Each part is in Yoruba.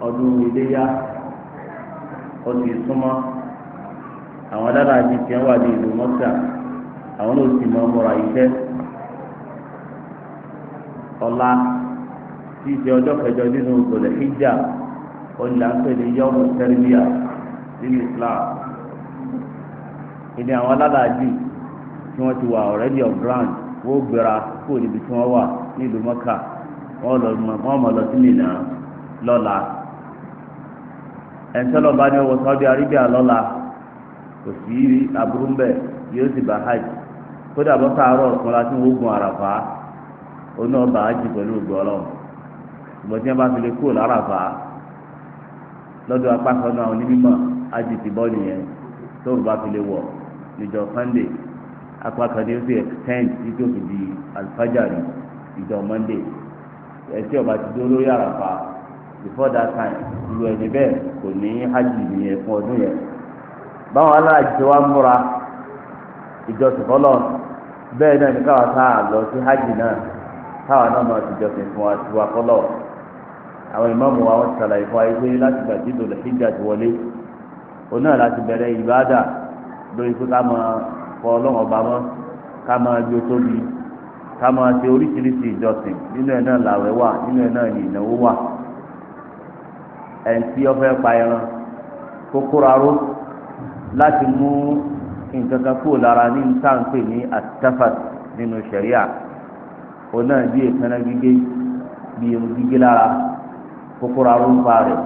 ọdún iléyà ó ti súnmọ́ àwọn dára àti tiẹ̀ wà ní ìlú mọ́tà àwọn náà sì mọ ọmọ àyíṣẹ́ ọ̀la tí í ṣe kẹjọ nínú ìgbọ̀lẹ̀ hijja ọ̀là ń pè ní nínú Islam ìní àwọn alálàájì tí ti wà gbéra ẹ̀ńtọ́lọ̀ bá ní ọwọ́ Saudi Arabia lọ́la kò sí aburú mbẹ yóò sì bá hajj kódà láti gun àràfà oní ọba hajj tí wọ́n bá fi lè kúrò láràfà lọ́dọ̀ apákanú àwọn onímọ̀ hajj ti bọ́ nìyẹn tó o bá fi lè níjọ apákan ní o ọba ti dúró lórí before that time ìlú ẹni bẹ́ẹ̀ kò ní hajj yẹn fún ọdún yẹn báwọn aláàjì tí wọ́n múra ìjọsìn fọlọ́ bẹ́ẹ̀ náà ní káwọn sáà lọ sí hajj náà káwọn náà máa ti jọsìn fún wa tiwa àwọn wa ti sàlàyé fún wa láti gbà tí ìdòlè hijab ti wọlé òun náà láti bẹ̀rẹ̀ ìbáàdà lórí pé ká máa fọ ọlọ́run ọba mọ́ ká máa bí tóbi ká máa ṣe oríṣiríṣi ìjọsìn nínú ẹ̀ náà làwẹ̀ wà nínú ẹ̀ náà ìnáwó ẹ̀ǹtí ọ̀fẹ́ pa ẹran kókóra ró láti mú nǹkan kan kúrò lára ní ntáǹpé ní àtàfàt nínú ṣẹ̀ríà ó náà bí èkánná gígé bí irun gígé lára kókóra ró ń pa rẹ̀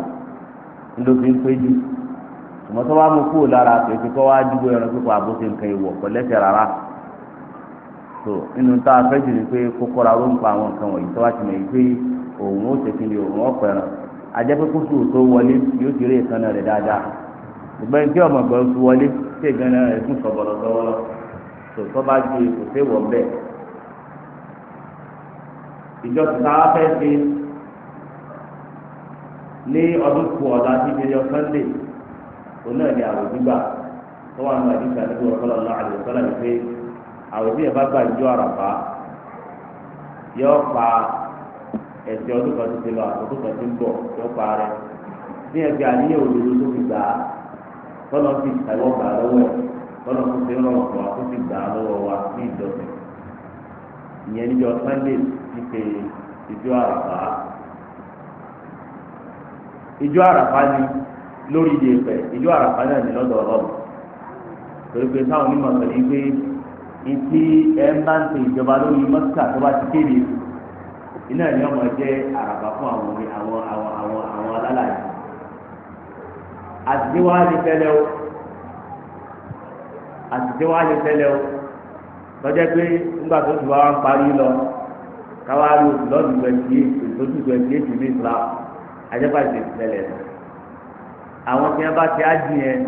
ńlọbi ń pé jù tùmọ̀ tó bá mú kúrò lára pèsè kó wá dúró ẹran pípa àbóṣe nǹkan ìwọ̀ pẹ̀lẹ́sẹ̀ rárá so nínú tá a fẹ́ jù ní pé kókóra ró ń pa àwọn nǹkan wọ̀nyí tó wá ti mọ̀ yìí pé òun ó ṣe ni òun ọ̀pẹ̀ràn ajẹ́pẹ́kùsù tó wọlé yóò ti rí ìkànnà rẹ̀ dáadáa ìgbẹ́ tí ọmọ gbọ́n tó wọlé tí ìkànnà rẹ̀ tún sọ̀bọ̀lọ̀ sọ́wọ́lọ́ tó tọ́ bá ti kò sí wọ̀ bẹ́ẹ̀. ìjọ tuntun á fẹ́ ṣe ní ọdún kù ọ̀la tí ìdílé ọ̀sánlẹ̀ òun náà ni àwòjú gbà tó wà nínú àdìsí àdìsí ọ̀sọ́lá náà àdìsọ́lá yìí pé àwòjú yẹn bá gbà ìjọ àràbá yọ pa ẹ̀sìn ọdún kan ti ti lọ àtọ́dún kan ti ń bọ̀ tó parẹ́ ní ẹgbẹ́ àníyàn òdodo tó fi gbà á tọ́lọ́ fi ìtàwọ́ gbà lọ́wọ́ ẹ̀ tọ́lọ́ fún fi rọrùn fún wa tó fi gbà á lọ́wọ́ wa ní ìjọsìn ìyẹn níjọ Sunday ti ṣe ìjọ àràfà ìjọ àràfà ni lórí ìdè ìfẹ́ ìjọ àràfà náà ní lọ́dọ̀ ọlọ́run torí táwọn onímọ̀ sọ̀rọ̀ yìí pé ìtì ẹ̀ ń bá ń ṣe ìjọba lórí mọ́tíkà tó bá ti kéde iná ni ọmọ jẹ́ àràbà fún àwọn àwọn àwọn àwọn àwọn alálàyé àtijọ́ o àtijọ́ wa o pé nígbà tó ti wá ń parí lọ káwá rí oṣù lọ́dún twenty eight oṣù twenty eight ní ajẹ́pà ti tẹ́lẹ̀ lọ àwọn tí wọn bá ti ájú yẹn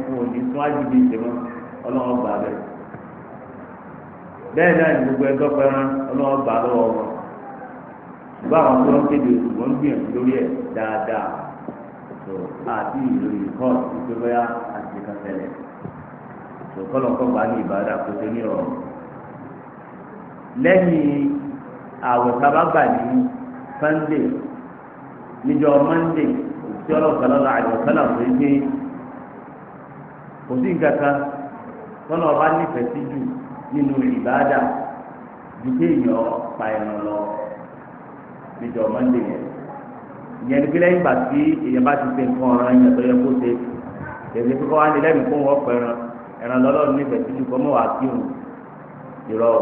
ṣùgbọ́n àwọn tó ń kéde oṣù wọn ń gbìyànjú lórí ẹ̀ dáadáa tó àti ìròyìn kan ìpè bóyá àti kan tẹ̀lẹ̀ tó kọ́ lọ́kọ́ gbà ní ìbáradà kó tó ní ọ̀rọ̀ lẹ́yìn àwẹ̀ kábàgbà ní sunday níjọ monday òtí ọlọ́ọ̀kan lọ́la àjọkọ́là fún ẹgbẹ́ kò sí nǹkan kan tọ́lọ̀ ọba nífẹ̀ẹ́ sí jù nínú ìbáradà ju kéèyàn pa ẹran lọ níjọ mọ́ndé yẹn ìyẹn ní kílẹ̀ ìgbà tí èèyàn bá ti ṣe nǹkan ọ̀ràn yẹn tó yẹ kó ṣe èdè kíkọ́ wá ní lẹ́mìí kó wọ́n pẹ̀ràn ẹ̀ràn lọ́lọ́run nífẹ̀ẹ́ sí ju kọ́mọ́ wá o òun ìrọ̀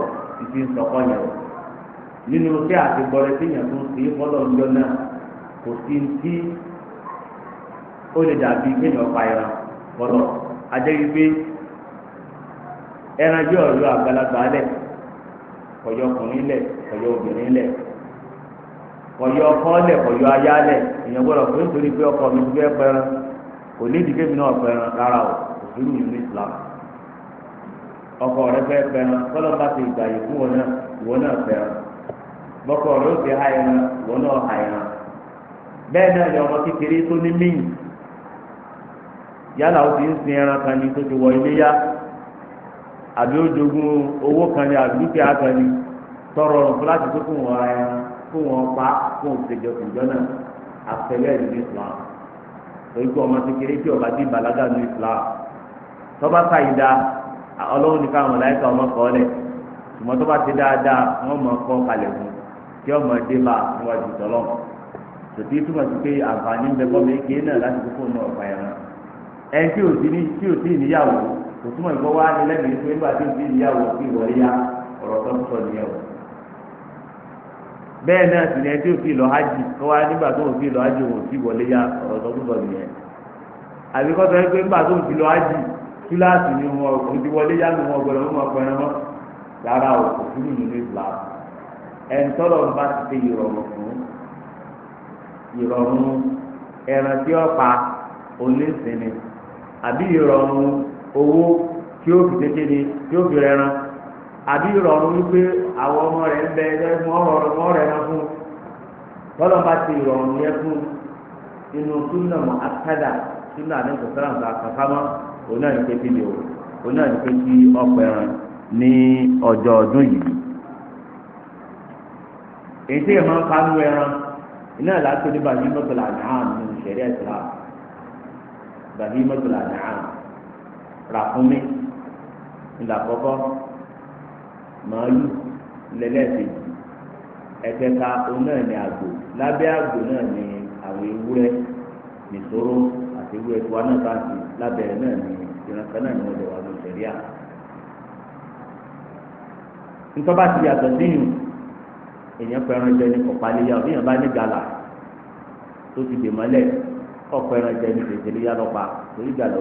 ìfi ń sọ̀kọ́ yẹn o nínú kí àtìgbọ́rẹ́ tí èèyàn tó ń ṣe fọ́lọ́ ọjọ́ náà kò sí ti ó lè dàbí kéèyàn pa ẹran fọ́lọ́ ajẹ́ wípé ẹran jẹ́ ọ̀rọ̀ àgbàlagbà lẹ̀ kọ̀yọ́ ọkùnrin lẹ̀ obìnrin lẹ̀ kọ̀yọ ọkọ lẹ̀ kọ̀yọ aya lẹ̀ èèyàn gbọ́dọ̀ pé nítorí pé ọkọ mi fẹ́ pẹran kò ní ìdíkẹ́ mi náà pẹran rárá o òṣèlú yìí ní Islam ọkọ rẹ fẹ́ pẹran kọ́lọ́ bá ti fún wọn náà wọn náà pẹran rẹ ó ti ha ẹran wọn náà ha ẹran náà ni ọmọ kékeré tó ní yálà ó ti ń sin ẹran kan ní tó ti wọ àbí ó jogún owó kan ní kan ní tọrọ ọ̀rùn tó wọn ara ẹran. fún wọn pa fún òṣèjọ ìjọ náà àfẹlẹ ìlú islam torí pé ọmọ kékeré tí ọba ti bàlágà ní islam tọ́ba ká ìdá ọlọ́run ní káwọn láìka ọmọ kọ́ lẹ̀ ṣùgbọ́n tọ́ba ti dáadáa wọ́n mọ̀ kọ́ kalẹ̀ fún kí ọmọ dé bá níwájú tọ́lọ́ tòtí túmọ̀ sí pé àǹfààní ń bẹ fọ́ mi kéé náà láti kókó náà ọ̀pá ẹ̀ràn ẹ̀ tí ò sí ní tí ò sí níyàwó kò túmọ̀ ìfọwọ́ á ní bẹ́ẹ̀ náà sì ni ẹ tí ò fi lọ hajj kó wá nígbà tó ò fi lọ hajj ò fi wọlé ya ọ̀rọ̀ sọ́kùsọ̀ nìyẹn àbí kọ́ sọ pé nígbà tó ò ni wọn ò ya ni wọn gbọdọ̀ wọn pẹ̀rẹ̀ wọn rárá o kò fún mi nínú ìlà ẹ̀ńtọ́rọ̀ bá ti ṣe ìrọ̀rùn fún pa àbí ìrọ̀rùn owó tí ó fi ṣe kéde tí àbí ìrọ̀rùn wípé àwọn ọmọ rẹ̀ ń bẹ ẹgbẹ́ ya rẹ̀ náà fún tọ́lọ́ bá ti ìrọ̀rùn yẹn fún inú súnà mọ́ akádà súnà àdínkù sọ́lá nǹkan àkàkámọ́ òun náà ní pé kíni o òun náà ní pé kí ẹran ní ọjọ́ ọdún yìí. èyí tí ìmọ̀ ẹran iná ní bàbí mọ́tòlá ní bàbí mọ́tòlá ràkúnmí màálù lẹ́lẹ́sìn ẹ̀kẹta òun náà ní àgbò lábẹ́ àgbò náà ní àwọn ewúrẹ́ nìṣòro àti ewúrẹ́ tiwa náà bá ti náà ní ìrànṣẹ́ náà ní ọ̀dọ̀ wa ló tẹ̀lé ntọ́ba ti yàtọ̀ síyùn èèyàn fẹ́ràn jẹ ní kọ̀páléyà òbí yàn bá ní gàlà tó ti dè mọ́lẹ̀ ẹran jẹ ní tètè léyà lọ́pàá torí gàlà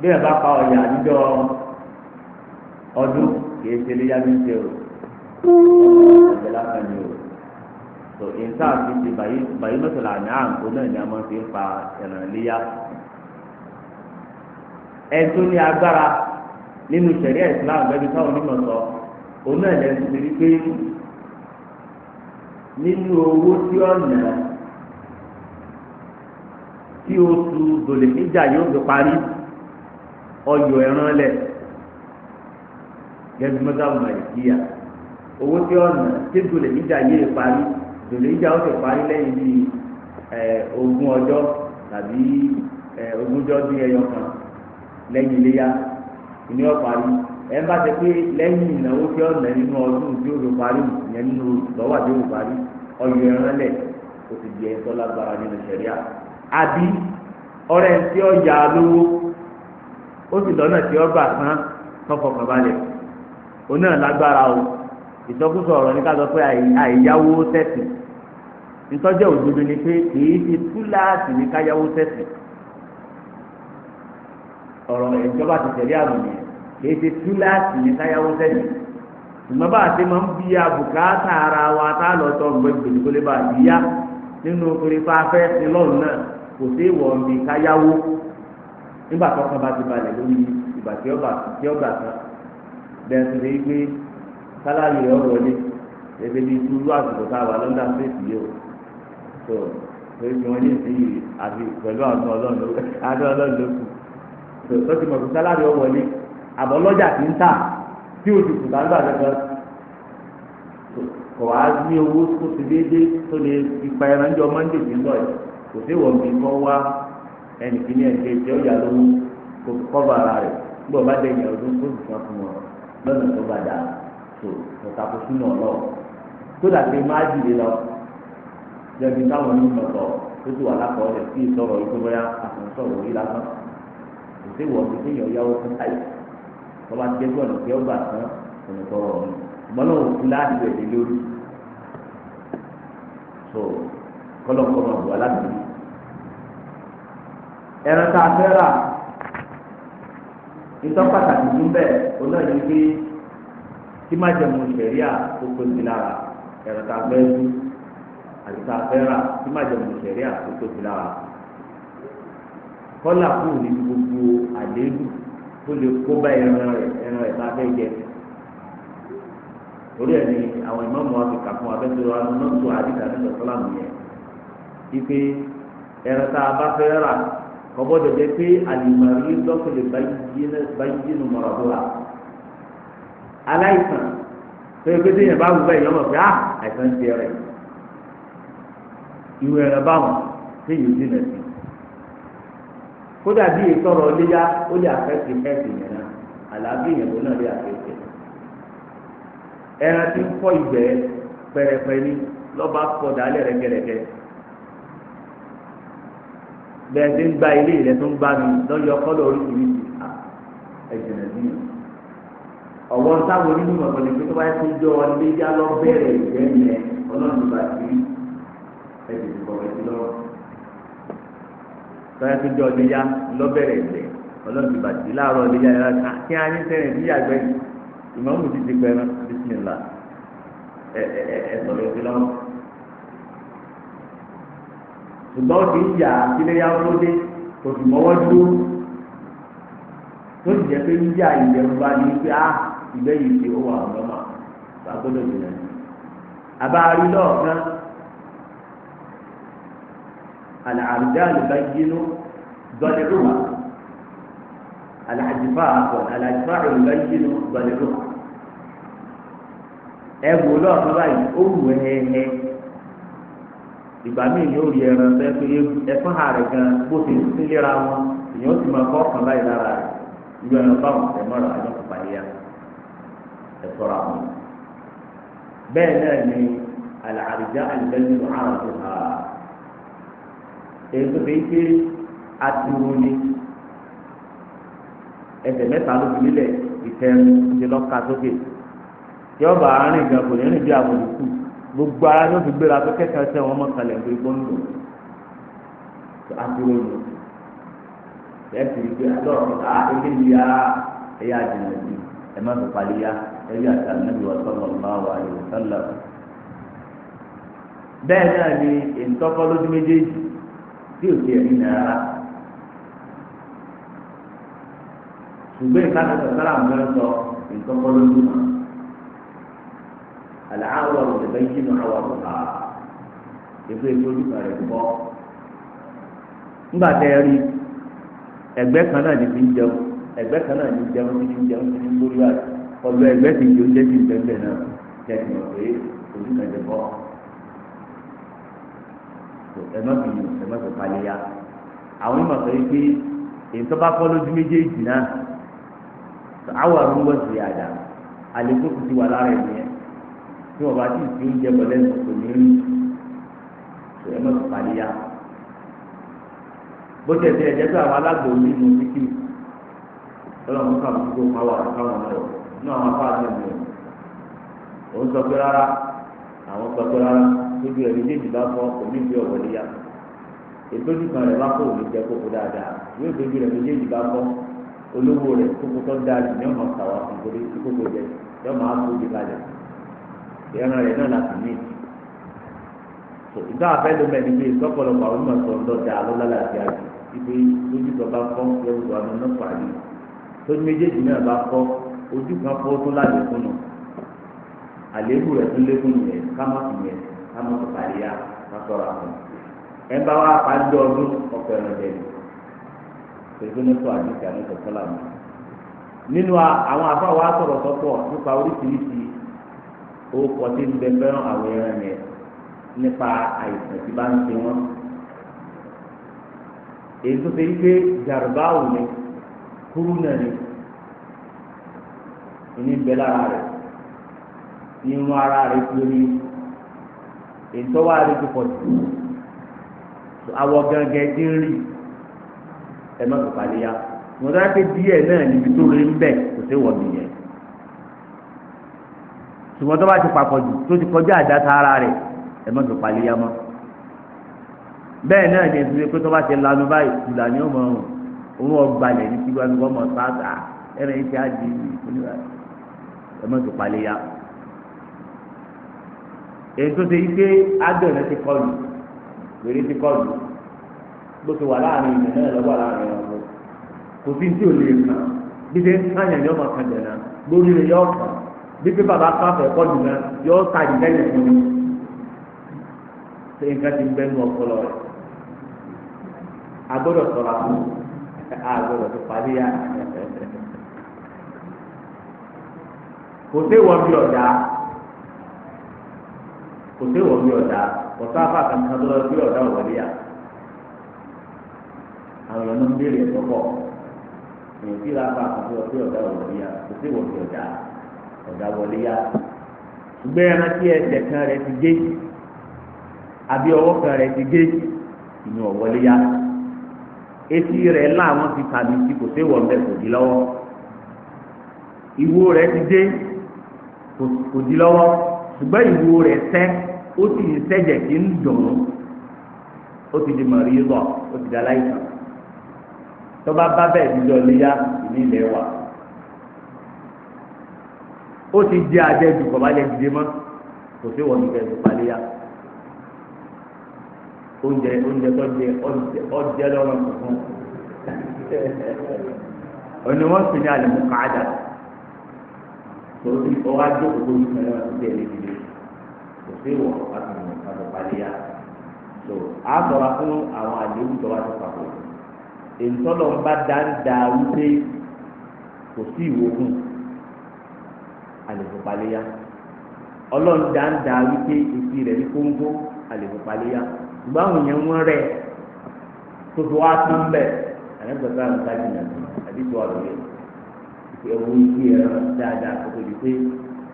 bí ẹ bá pa ọ̀yà níjọ ọdún kìí ṣe léyà ní ṣe o ọ̀sẹ̀ lásán ni o tó ìta fi ti bàyí mọ́tòlá ní àǹkó náà ni a máa fi ń pa ẹ̀ràn Islam táwọn onímọ̀ sọ òun náà lẹ́nu ti rí pé nínú owó tí ó nà tí dòlè níjà yóò fi parí. ọyọ ẹran lẹ gẹbi mọtàbù màlìkíyà owó tí ọ̀nà tébù lè níjà yé parí dòlè níjà ó ti parí lẹ́yìn bíi ẹ ogún ọjọ́ tàbí ẹ ogúnjọ́ bíi ẹyọ kan lẹ́yìn iléyà ìní ọ̀parí ẹ bá ti pé lẹ́yìn ìnáwó tí ọ̀nà nínú ọdún tí ó lò parí ìyẹn nínú lọ́wọ́ àti òwò parí ọyọ ẹran lẹ kò sì di ẹ̀ tọ́lágbára nínú sẹ̀ríà àbí ọ̀rẹ́ tí ọ̀yà lówó. ó sì lọ́nà tí ọba kan tọkọ̀kan balẹ̀ òun náà o ìsọkúsọ ọ̀rọ̀ ní ká sọ pé àìyáwó tẹ̀sì ìtọ́jú òdodo ni pé kìí ṣe túláàsì ní tẹ̀sì ọ̀rọ̀ ìjọba ti tẹ̀lé àmì yẹn kìí ṣe túláàsì ní káyáwó tẹ̀sì ìmọ̀ bá a ti máa ń bí a bùkátà ara wa tá a lọ tọ́ gbẹ gbèdégbélé bí yá nínú náà kò sí nígbà tó kàn bá ti balẹ̀ lórí ìgbà tí ọgbà tí ọgbà tán bẹ́ẹ̀ tó gbé sálárì rẹ̀ wọlé ẹgbẹ́ bíi túrú àsìkò tá a wà lọ́dà fèsì yìí o tó lórí tí wọ́n ní ìsinyìí àti pẹ̀lú àwọn ọlọ́run adé ọlọ́run ló kù tó ti mọ̀ pé sálárì rẹ̀ wọlé àbọ̀ lọ́jà ti ń tà tí o ti kù tá ń gbà lọ́dọ̀ kò wá ní owó tó ti déédéé tó lè fi pa ẹran jọ mọ́ndé tí ń lọ yìí kò sí wọ̀n bí ẹnì kìíní ẹnìkejì tí ó yà lówó kò kọ́ba ara rẹ̀ gbọ́ bá dẹ̀ yàn ọdún tó dùn fún wọn lọ́nà tó bá dà tó tòtàkó sínú ọ̀lọ́ tó dàgbé má jìlé lọ jẹbi táwọn onímọ̀ sọ tó ti wà lákọọ́lẹ̀ sí ìsọ̀rọ̀ ìgbọ́bọ̀yà àtúnṣọ̀rọ̀ yìí lásán kò sí wọ́n ti kéèyàn yáwó fún táyì tọ́ba ti dẹ́gbẹ́ ọ̀nà tí ó gbà tán ọ̀nà tọrọ ọ̀nà ìgbọ́n òkú láti bẹ̀rẹ̀ lórí so kọ́lọ́kọ́lọ́ wà láti ẹran tá a fẹ́ rà ìtọ́ pàtàkì tún bẹ́ẹ̀ olóyìn pé tí má jẹ̀mú sẹ̀ríà ó pé sí lára ẹran tá a fẹ́ rú àti tá a fẹ́ rà tí má jẹ̀mú sẹ̀ríà ó pé sí lára kọ́là kù ní gbogbo àléébù tó lè kó bá ẹran rẹ̀ ẹran rẹ̀ tá fẹ́ jẹ torí ẹ̀ àwọn ìmọ̀ọ́mù wa kà fún abẹ́tẹ̀rọ anúnọ́tò àdìgbà nígbà sọ́lá mi yẹn ipe ẹran tá a bá fẹ́ rà kọ́bọ́dọ̀ jẹ́ pé àlìmọ̀rí lọ́kùnrin báyìí mọ̀rọ̀ tó wa aláìsàn tó yẹ pé tí yẹn bá wù báyìí yọmọ pé àìsàn ti rẹ̀ ìwé rẹ̀ báwọn tí yóò dínà sí kódà bí ìtọ́rọ̀ léyà ó lè àfẹ́sì fẹ́sì yẹn náà àlàáfíà ìyẹ̀wò náà lè àfẹ́sì ẹran tí ń fọ́ ìgbẹ́ pẹ̀rẹ̀pẹ̀rẹ̀ lọ́ba kọ̀ dálẹ̀ rẹ̀ gẹ̀rẹ̀gẹ̀ bẹ́ẹ̀ ti ń gba ilé rẹ̀ tó ń gbá mi lọ́yọ̀ kọ́lọ̀ oríṣiríṣi ẹ̀jẹ̀ rẹ̀ bí ọ̀wọ́ táwọn onímọ̀ ọ̀gbọ̀n ní pé tó bá ti jọ ọ lé yá lọ bẹ̀rẹ̀ ìjẹ́ yẹn ọlọ́run ìgbà tí ẹ̀jẹ̀ ti kọ̀wé sí lọ́wọ́ tó bá jọ lé yá lọ bẹ̀rẹ̀ ìjẹ́ ọlọ́run ìgbà tí láàárọ̀ lé yá yára kí á ní sẹ́rìn sí àgbẹ̀ ìmọ̀ọ́mù ti ti pẹ́ràn bísí ṣùgbọ́n kì í yà kíléyà tó dé kò sì mọ́wọ́ dúró tó sì jẹ́ pé yíyà ìbẹ̀rù bá ní pé á ah, ìgbẹ́ yìí ṣe ó wà ọ̀dọ́mà gbàgbọ́dọ̀ jìnnà ní. àbáàrí lọ́ọ̀kan àlàárídá àlùbáyínú dọ́lẹ́rùmá àlàájífà àbọ̀ àlàájífà àlùbáyínú dọ́lẹ́rùmá. ẹ wò lọ́ọ̀kan báyìí ó wù ẹ́ ẹ́. ìgbà míì yóò rí ẹran sẹ́kẹ́ ẹ̀fọ́n ààrẹ gan bó ti sílera wọn èèyàn ó sì máa kọ́ ọ̀kan báyìí lára rẹ̀ ìlú ẹran báwọn ẹ̀mọ́ra ẹ̀yọ́ kọ̀ọ̀kan yẹn ẹ̀sọ́ra wọn. bẹ́ẹ̀ náà ni àlàáríjà àlùbẹ́ni àrùn tó hà èyí tó fi ké atúrú ẹsẹ̀ mẹ́ta ló fi lílẹ̀ ìtẹ́nu ti lọ́ka sókè tí ọba àárín gan kò ní rìn bí àbòrò kù gbogbo ara yóò fi gbéra pé kẹkẹ ẹsẹ wọn mọkànlẹ nítorí pé ń lò àbúrò lò ẹ ti rí pé lọ́ọ̀ ká eléyìí ara ẹ̀yà àjìnà sí ẹ má fi palẹ̀ yá ẹ̀yà àtàlẹ́ nàbí wà sọ́lọ̀ máa wà lè sọ́lọ̀. bẹ́ẹ̀ náà ni ìtọ́kọ́ lójú méjèèjì tí ò ti ẹ̀rí náírà ṣùgbọ́n ìkànnì sọ̀tàrà mẹ́rin sọ ìtọ́kọ́ lójú náà. àlàáwọ̀ òṣèlú yìí nù àwọ̀ ọ̀gá ìfẹ́ ìtọ́jú ẹ rí ẹgbẹ́ kan náà ní fi ń jẹun ẹgbẹ́ kan náà ní jẹun ní fi ń jẹun ní fi ń na àti ọ̀dọ̀ ẹgbẹ́ ti jẹun jẹ́ ti bẹ́ẹ̀ náà ya àwọn ìmọ̀ sọ pé kọ́ lójú méjèèjì náà àwọn àlékún ti wà lára tí wọn bá ti fi oúnjẹ bọ̀ lẹ́nu kò ní rí kò ẹ mọ̀tò pàdéyà bó tẹ̀ sí ẹ̀jẹ̀ pé àwọn alágbò ní inú títì ọlọ́run ká àbúkú kó wà káwọn àwọn àti ò ń sọ pé rárá àwọn pé rárá lójú bá fọ́ òní níyà rẹ̀ bá kó òní jẹ kókó dáadáa yóò rẹ̀ méjèèjì bá fọ́ olówó rẹ̀ kókó tó dáa jù ní ẹran rẹ̀ náà láti mí. ìgbà àfẹ́lú mẹ́rin bíi sọ́kọlọpọ̀ àwọn ọmọ ọ̀dọ́dẹ alólàlàfíà ibi lójú tó bá kọ́ lórí wa ní ọ̀nà pàdé lójú méjèèjì náà bá kọ́ ojú kan kọ́ tó láti fún un àléébù rẹ̀ tó lékún yẹn kámọ́tì yẹn kámọ́tì pàdé yá kásọ̀rọ̀ àwọn ẹ bá wá pàdé ọdún ọ̀pọ̀ ẹ̀rọ jẹ̀lẹ̀ pẹ̀lú nípa àdìsí àdìsí ọ̀sọ́là mi orúkọ tí ń bẹ fẹ́ràn àwọn ẹran yẹn nípa àìsàn tí bá ń ṣe wọn. èyí tó ṣe yí pé jàrúbáwò ni kúrú náà ni ìní bẹ lára rẹ̀ irun ara rẹ̀ kiri èyí tó wà rẹ̀ ti pọ̀ jù awọ gẹ́gẹ́ tí ń rí ẹ má tó parí mo dáa pé díẹ̀ náà níbi tó rí ń bẹ̀ kò sí wọ̀ nìyẹn ṣùgbọ́n tó bá ti papọ̀ jù tó ti kọjá àdáta ara rẹ̀ ẹ mọ̀ tó palẹ̀ yá mọ́ bẹ́ẹ̀ náà ní ìdílé pé tó bá ti lanu báyìí ìlà ni ó mọ̀ òun ọgbàlẹ̀ ní kíkọ́ ẹni kọ́ mọ̀ sáàtà ẹ̀rẹ̀ ń ṣe àjì ìfúnilá ẹ mọ̀ tó palẹ̀ yá. èyí tó ṣe ike agbẹ̀rẹ̀ ti kọ́ lù wèrè ti kọ́ bó ti wà láàrin ìlú náà lọ́wọ́ láàrin ọ̀rọ̀ kò sí tí ò lè kàn bí ṣe ń kàn bíbí bàbá káfẹ́ kọ́ jù náà yóò ta ìdẹ́yìn fún mi ṣé nǹkan ti ń bẹ́ nu ọpọlọ rẹ̀ agbọ́dọ̀ sọ̀rọ̀ àwọn agbọ́dọ̀ tó parí yá kò sí ìwọ bí ọ̀dà kò sí ìwọ bí ọ̀dà kò sáfà kankan tó lọ bí ọ̀dà òwòlé yá àwọn èèyàn ń béèrè ẹ̀tọ́ pọ̀ èèyàn sì ra fà kankan lọ bí ọ̀dà òwòlé yá kò sí ìwọ bí ọ̀dà ọ̀dà wọlé yá ṣùgbọ́n ẹran tí ẹsẹ̀ kan rẹ̀ ti gé àbí ọwọ́ kan rẹ̀ ti gé inú ọ̀wọ́lé yá etí rẹ̀ láwọn ti tàbí tí kò sí wọ̀ bẹ́ẹ̀ kò di lọ́wọ́ ìwo rẹ̀ ti dé kò di lọ́wọ́ ṣùgbọ́n ìwo rẹ̀ tẹ́ ó sì ń sẹ́jẹ̀ kí ń dùn ún ó ti di mọ̀rí bọ̀ ó ti di aláìsàn tó bá bá bẹ́ẹ̀ dídọ̀ léyà ìní ilẹ̀ wà ó ti jẹ àjẹjù kọba lẹ dìde mọ kò sí wọn nìkẹ́ ìdúpá léyà oúnjẹ oúnjẹ tó jẹ ọjẹ lọ́rọ̀ tuntun ọ̀nà wọn sì ní àlẹ́ mú káàdà torí ọwọ́ ajé òkú mi kan náà ti jẹ lè dìde kò sí wọn àti ìdúpá ìdúpá léyà so a sọra fún àwọn àdéhùn tó wá ti pàtó ìtọ́lọ́ ń bá dáńdá wípé kò sí ìwòkùn àlèfòpaléyà ọlọ́run dáńdá wípé èsì rẹ̀ ní kóńgó àlèfòpaléyà ṣùgbọ́n àwọn èèyàn wọ́n rẹ̀ tóbi wá sí ń bẹ̀ àyẹ̀gbẹ̀sẹ̀ àmì àdìsọ àdìyẹ ewu ike ẹran dáadáa kótó di pé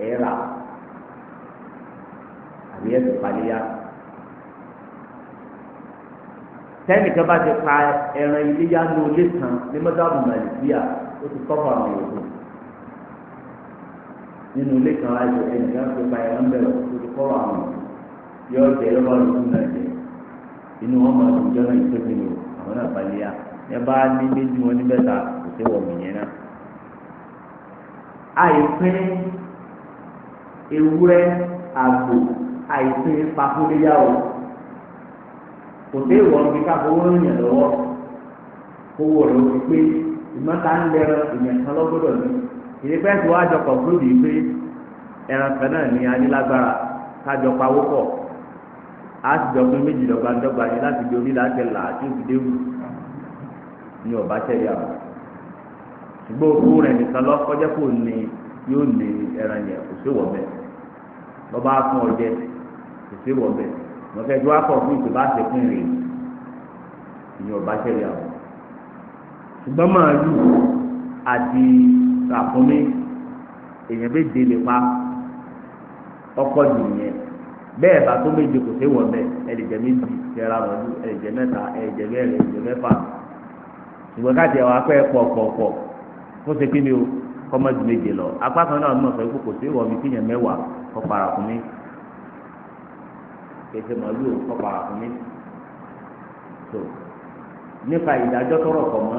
ẹ̀rà àbí ẹ̀sùn pàdéyà tẹ́nìkan bá ti pa ẹran iléyà ní olé kan ní mọ́tàbù màlìbíà ó ti kọ́ fún àwọn èèyàn nínú ilé kan láti ẹnì kan fi pa ẹran bẹ̀rẹ̀ lórí kọ́rọ̀ àwọn yóò jẹ yóò bá lùkú náà jẹ inú wọn máa dùn jọ́nà ìtọ́jú lò àwọn náà balẹ̀ yá ẹ bá ní méjì wọn níbẹ̀ ta kò sí wọ̀ mí yẹn náà. àìpín ewúrẹ́ àgbò àìpín pakúléyàwó kò sí ìwọ̀n bí ká fowó lọ́wọ́ owó rẹ̀ ó pé ìmọ̀ta ń lẹ́rọ ìyẹn kan lọ́gbọ́dọ̀ ní ìdí pẹ́ẹ́sì wájọ kọ̀ fúlùdì pé ẹran kan náà ní anilágbára kájọ pawó pọ̀ á sì jọ pé méjì dọ́gbandọ́gba yẹn láti di orí láti là á tó fi dérú ní ọba tẹ̀lé àwọn ṣùgbọ́n òkú rẹ̀ nìkan lọ kọjá kò ní yóò ní ẹran yẹn kò sí wọ̀ bẹ́ẹ̀ lọ́ba fún ọjẹ́ kò sí wọ̀ bẹ́ẹ̀ mọ̀kẹ́jọ́ akọ̀ fún ìtòbá ṣẹ̀kùn rèé ní ọba tẹ̀lé àwọn ṣùgbọ́n màálù àti ràkúnmí èèyàn méje lè pa ọkọ nìyẹn bẹ́ẹ̀ bá tó méje kò sí wọn bẹ́ẹ̀ ẹlẹjẹ méjì tẹra wọn ju ẹlẹjẹ mẹ́ta ẹlẹjẹ mẹ́rin ẹlẹjẹ mẹ́fà ṣùgbọ́n káàtì ẹwà pẹ pọpọpọ fún ṣe kí ni o kọmọ ju méje lọ apá kan náà mọ sọ pé kò sí wọn bí kíyàn mẹ́wàá kọ para fún mi kẹsẹ màálù kọ para fún mi tó nípa ìdájọ́ tọrọ kọ mọ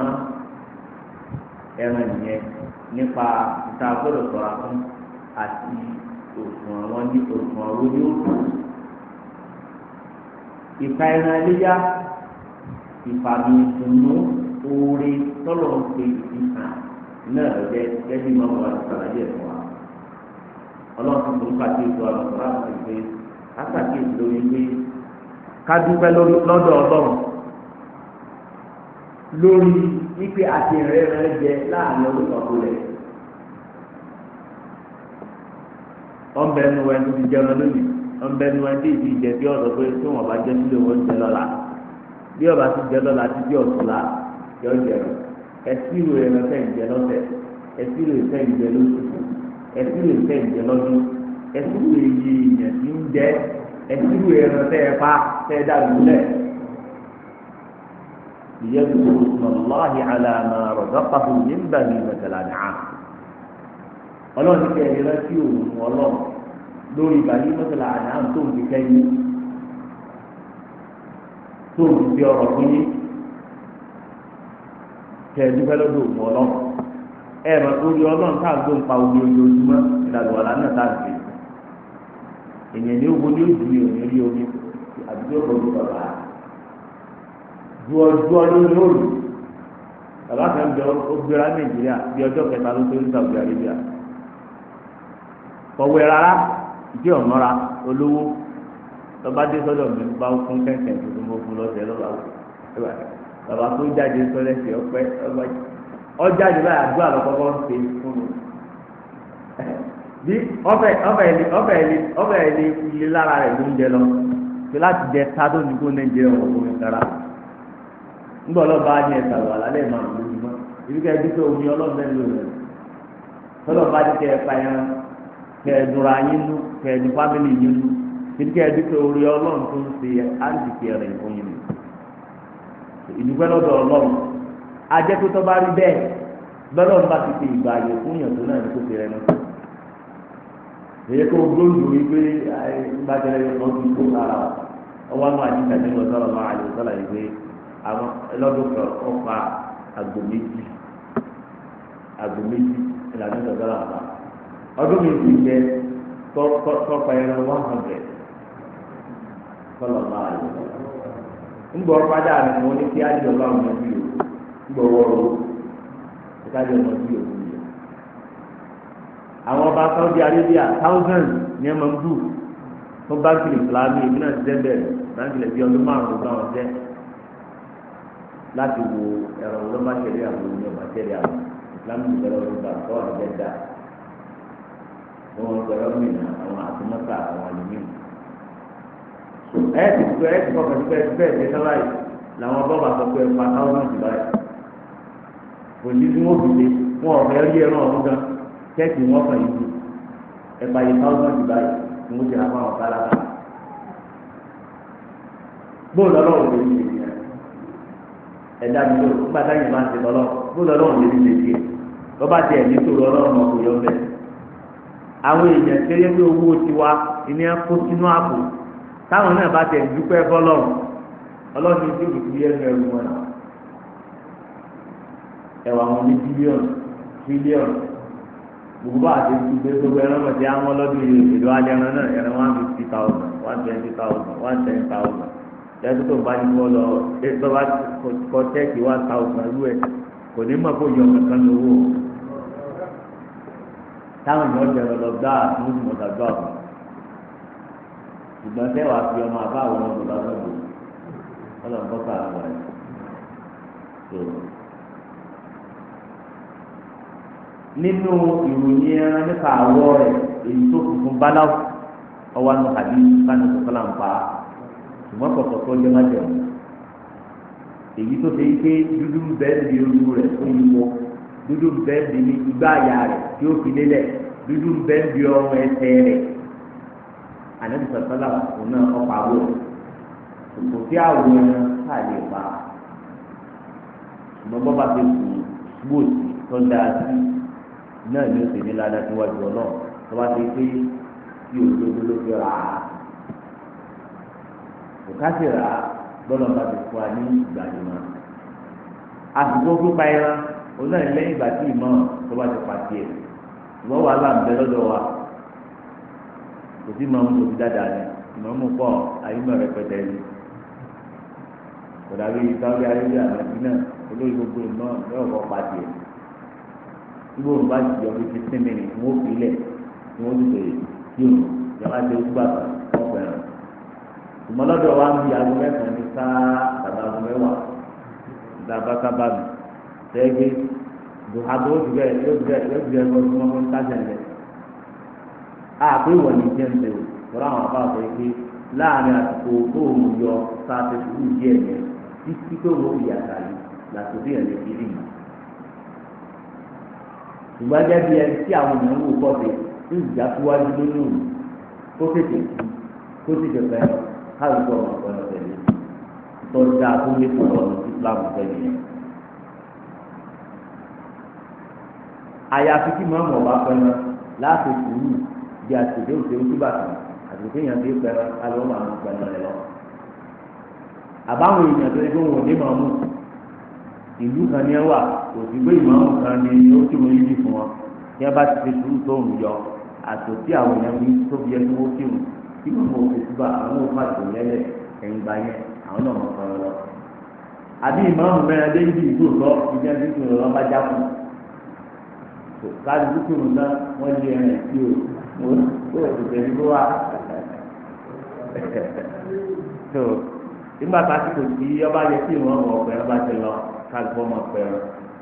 ẹran nìyẹn nípa ìta gbọ́dọ̀ ṣọ́ra fún àti òkun àwọn ní òkun àwọn ní òkun ìfà ìran ẹlẹ́yà ìfàmì ìdùnnú oore tọ́lọ̀ ń pe ìfihàn náà jẹ gẹ́gẹ́ bí mọ́mọ́ wa ṣàlàyé ẹ̀ fún wa ọlọ́run tó ń pàṣẹ ìtò àwọn ọ̀rọ̀ àti ìgbé látàkì ìdórí pé ká lọ́dọ̀ ọlọ́run lórí wípé àti ìrẹ́rẹ́ jẹ láàrin olùkọ́ tó wọn bẹ nu ẹni tí jẹun lónìí wọn bẹ nu ẹni tí ìdí ìjẹ bí ọ̀rọ̀ pé tí wọn bá jẹ sílé wọn jẹ lọ́la bí ọba ti jẹ lọ́la ti bí ọ̀tún la yọ jẹ rẹ ẹtí ìlú rẹ fẹ́ ìjẹ lọ́sẹ̀ ẹtí ìlú rẹ ìjẹ lóṣù ẹtí ìlú rẹ ìjẹ lọ́dún ẹtí ìlú rẹ ìyẹn ti ń jẹ ẹtí ìlú rẹ fẹ́ ẹ pa fẹ́ dà ìyẹ́dùkú ọlọ́ọ̀hì alàmà rọ̀dọ́pàfù yìí kẹ́ ẹ rántí òun ọlọ́ọ̀ lórí ìbàdí mọ́tòlá àdáhùn tó ń fi kẹ́yìn tó ń fi ọ̀rọ̀ fún yín kẹ́ ẹ dúpẹ́ lọ́dọ̀ òkú ọlọ́run ẹ mọ̀ orí ọlọ́run tá à ń gbó ń pa omi ojoojúmọ́ ìdàgbọ̀ ọ̀la náà tá à ń fi èèyàn ní owó ní ojú mi ò ní rí omi àbí tí ó kọ́ ojú bàbá ju ọjọ́ lórí òòlù bàbá kan bẹ ó Nàìjíríà bí ọjọ́ kẹta ló tó ń Saudi Arabia kọ̀wé rárá. ìdí ọ̀mọ́ra olówó lọ́ba dé sọ́dọ̀ mi bá fún kẹ̀kẹ́ tó mo fún lọ́sẹ̀ lọ́ba wò tó jáde sọ́lẹ̀ sí ọpẹ́ ọjáde báyìí àdúrà lọ́kọ́kọ́ ń ṣe fún mi bí ọbẹ̀ ẹ̀lẹ́ ọbẹ̀ ẹ̀lẹ́ ọbẹ̀ ẹ̀lẹ́ ilé lára rẹ̀ ló ń jẹ lọ láti jẹ á ní kẹẹdùnra yín anyị kẹẹdùn fámìlì yín nú títí kẹẹdùn pé orí ọlọ́run tó ń ṣe àǹtìkì ẹ̀rẹ̀ fún yín ìdúpẹ́ lọ́dọ̀ ọlọ́run ajẹ́pẹ́tọ́ bá rí bẹ́ẹ̀ lọ́lọ́run bá ti fi ìgbà fún yàn tó náà ní kó nù. èyí kò gbóòdù yìí pé kó ara ọwọ́ àwọn ní ọ̀sán ọ̀la àyè ọ̀sán àyè pé lọ́dún kan àgbò méjì àgbò méjì ọdún mi ti jẹ tọ́pọ̀ ẹran one hundred sọlọ́mọ àlè ńgbọ́ padà ni mo ní kí á jọ bá ọmọ bí o ńgbọ́ wọ́ọ̀rọ̀ ká jọ ọmọ bí o àwọn ọba Saudi Arabia thousand ní ẹ máa ń bù fún báńkì ìsìlámù èmi náà ti dẹ́bẹ̀ báńkì lẹ́bi ọdún márùn-ún bá wọn wọn gbọ́dọ̀ mìíràn àwọn àtúmọ̀tà àwọn àlùmíì ẹ̀ẹ́dì tó ẹ̀ẹ́dì kọ̀ọ̀kan tó bẹ́ẹ̀ bẹ́ẹ̀ ṣe làwọn sọ pé táwọn ti báyìí wọn ẹran gan wọn yìí yìí táwọn ti báyìí ni ti bóòlù lè mi máa ń àwọn èèyàn kéré ní owó tiwa ìní ẹkọ sínú àpò táwọn náà bá tẹ̀ dúpẹ́ fọlọ́run ọlọ́run ní ìdíwò ti ẹnu ẹrù wọn ẹwà wọn ní bílíọ̀nù tírílíọ̀nù gbogbo àti ìdílé gbogbo ẹran náà ti àwọn ọlọ́dún yìí èlò ajẹran náà ẹran one fifty thousand one twenty thousand one ten thousand lẹ́yìn tó bá ní kọ́ lọ ẹ tó bá kọ́ tẹ́ẹ̀kì one thousand rú ẹ kò ní mọ̀ kó yọ lówó táwọn èèyàn jẹrọ lọ gbá àtúntò tí mo dàgbà bọ ìgbọ́n tẹ́ wàá fi ọmọ àbá àwọn ọmọ bàbá bọ̀ ọlọ́run kọ́ sàrà wọ̀ ẹ́ tó. nínú ìròyìn ẹran nípa àwọ̀ rẹ̀ èyí tó funfun báláwù ọwọ́ àánú àbí kánú tó kọ́lá ń pa ṣùgbọ́n kọ̀ọ̀kan tó jẹ́ májẹ̀mú èyí tó ṣe é pé dúdú bẹ́ẹ̀ ní irú rẹ̀ tó yí wọ́ dúdú bẹ́ẹ̀ bí ní igbá àyà rẹ̀ tí ó fi lélẹ̀ dúdú bẹ́ẹ̀ bí ọrùn ẹsẹ̀ rẹ̀ ànábì sọ̀tọ́lá òun náà ọ̀pá wò kò sí àwọn ẹran tá a lè pa ṣùgbọ́n bọ́ bá ti kù gbò sí tó dáa sí náà ni ó sì ní ládàá síwájú ọlọ́run tó bá ti pé tí òdodo ló fi rà á kò ká sì rà á gbọ́dọ̀ bá ti fún wa ní ìgbàlè wọn àsìkò pípa ẹran onáyẹ lẹ́yìn ìgbà tí ìmọ̀ tó bá ti pàdé ẹ̀ ìwọ́ wà láǹbẹ lọ́dọ̀ wa kò sí màmú kò sí dáadáa ni ìmọ̀mú pọ̀ àyínmọ̀ rẹpẹtẹ ni kò dàbí sáwọ́dí arábíà àmàdí náà olóyè gbogbo ìmọ̀ lọ́wọ́ kọ́ pàdé ẹ̀ ibo ń bá ti yọ bí fifteen minutes wọ́n fi lẹ̀ ni wọ́n ti bẹ̀rẹ̀ yóò yàrá tẹ o bàtà wọ́n fẹ́ràn ìmọ̀lọ́dọ̀ wa ń bi aago mẹ́sàn-án ní sáà tàbí aago mẹ́wàá ìdá abákábá mi tẹ́gbẹ́ àbò òjìgbẹ́ yóòjìgbẹ́ yóòjìgbẹ́ lọ sí ọmọ ìtajà ẹ̀ àpò ìwọ̀ ní jẹ́ ń bẹ̀rù fọ́nrán àwọn àbá àbẹ̀ pé láàrin àsìkò tóòmù yọ sáfẹ́ sùúrù díẹ̀ yẹn títí tó wọ́n fi yàtà yìí làtò bí ẹ̀rẹ́ kiri yìí. ṣùgbọ́n jẹ́ bí ẹni tí àwọn ènìyàn wò kọ́ pé ń jà síwájú lónìí òní kó tètè kú kó tètè fẹ́ káàdùkọ̀ ọ̀pọ̀lọpọ̀ tẹ̀lé tó dáa tó lé pọ̀ lọ́nà àyàfi kí máa mọ̀ bá pẹ́ náà láti sùúrù bí àtìdé òṣèré tó bá tán àtìdé èèyàn tó pẹ́ náà ká ló máa mú pẹ́ náà lọ. àbáwọn èèyàn tó ń gbóhùn òní máa mú ìlú kan ní ẹ wà òsì pé ìmọ̀ràn kan ní ó tí mo yíjú fún wọn tí ẹ bá ti fi sùúrù tó ń yọ àtòtí àwọn èèyàn mi tó fi ẹni wó kírun tí mo mọ òfin tó bá àwọn òfin àtòlẹ́lẹ̀ ẹ̀yìn gbà yẹn àwọn náà lọ. àbí ìmọ̀ràn mẹ́rin dé lọ bá jákùn káàdì dúkìrù náà wọ́n lé ẹ̀rìn sí o ó òṣìṣẹ́ ní ló wà. tó nígbà tá a ti kò sí ọba yẹ kí ìwọ̀n ọmọ ọ̀pẹ ọba ti lọ káàdì fọ́ ọmọ ọ̀pẹ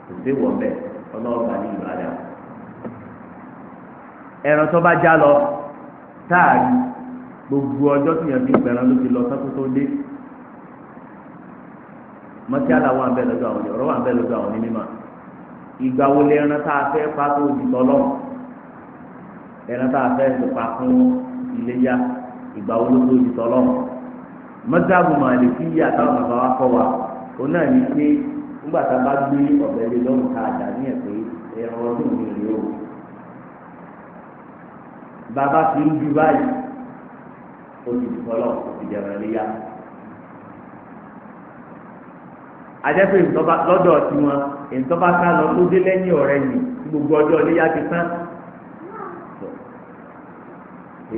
kò sí wọ̀ bẹ́ẹ̀ ọlọ́ọ̀gbà ní ìbàdàn. ẹ̀rọ tó bá já lọ táàrí gbogbo ọjọ́ tó yẹn fi gbẹ̀rán ló ti lọ sọ́kó tó dé mọ́tíálà wà ń àwọn ọ̀rọ̀ wà àwọn onímọ̀ ìgbà wo lè ẹran tá a fẹ́ pa tó di tọ́lọ̀ ẹran tá a fẹ́ pa fún iléyà ìgbà wo ló tó di tọ́lọ̀ mọ́tàbù màlè kí yíyá táwọn bàbá wa kọ́ wa ó náà ní pé nígbà tá a bá gbé ọ̀bẹ lé lọ́rùn ká dà ní ẹ̀pẹ́ ẹran ọdún mi rè o bàbá fi ń ju báyìí ó ti di tọ́lọ̀ ó ti dẹ̀rọ iléyà. ajẹ́pẹ́ ìtọ́ba lọ́dọ̀ tiwọn. ìtọ́ba ká lọ tó dé lẹ́yìn ọ̀rẹ́ yìí gbogbo ọjọ́ iléyà ti tán.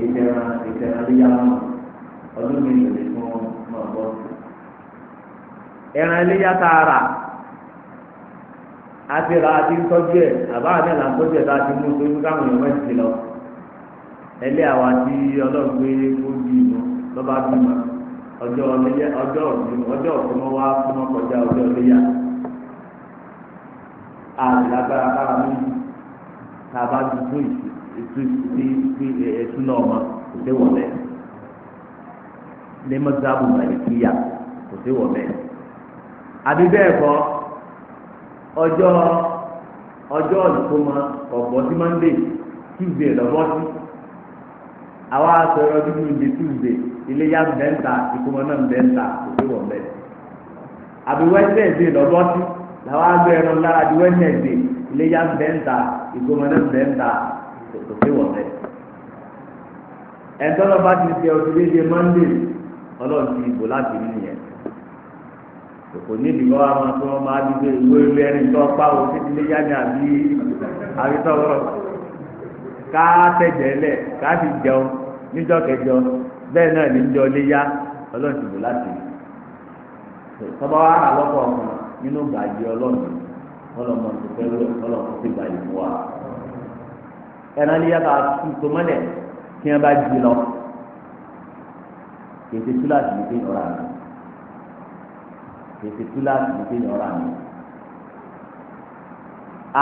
ìjẹra ìjẹra iléyà ọdún mi lè fún ọmọ ọgbọ́n. ẹran iléyà tààrà àti ra àti tọ́jú ẹ̀ àbá tọ́jú ẹ̀ tá a ti mú tó àwọn ti lọ. ẹlẹ́ àwa lọ́ba bímọ ọjọ́ àgbàlagbára kára mú tàbá dùn ètò ìsúná ọmọ kò sí wọ̀ bẹ́ẹ̀ ní màlìkíyà kò sí wọ̀ bẹ́ẹ̀ àbí bẹ́ẹ̀ kọ́ ọjọ́ ọjọ́ ìkómọ ọ̀bọ̀ sí mọ́ndé tuesday lọ́bọ́ sí àwa sọ̀rọ̀ dídùn ìdè tuesday iléyà bẹ́ńtà ìkómọ náà kò sí wọ àbí sí. làwọn agbẹ ẹran lára di wẹ́nẹ̀dẹ̀ iléyà ń bẹ́ ń ta ìgbọmọdé ń bẹ́ ń ta kò sí wọ̀ bẹ́ẹ̀. ẹ̀ńtọ́ lọ́ba ti ṣe ọtí léde mọ́ndé ọlọ́run ti ìbò láti rí nìyẹn. kò ní ìdìbò wa máa tó wọn máa di pé ìwé ìlú ẹni tó pa o títí iléyà ni àbí àbítọ́wọ́rọ̀ ká tẹ̀jẹ̀ lẹ̀ ká ti jẹun níjọ́ kẹjọ bẹ́ẹ̀ náà níjọ́ iléyà ọlọ́run ti ìbò láti rí. tọ́ba wa àlọ́kọ̀ ọkùnrin nínú gbàgbé ọlọ́run ọlọ́mọ tó fẹ́ lọ ọlọ́mọ tó gbàgbé fún wa. ẹran ní yàtọ̀ àtúntò mọ́lẹ̀ kí wọ́n bá jí lọ kèsì túláàsì ní pé ọ̀rà mi kèsì túláàsì ní pé ọ̀rà mi.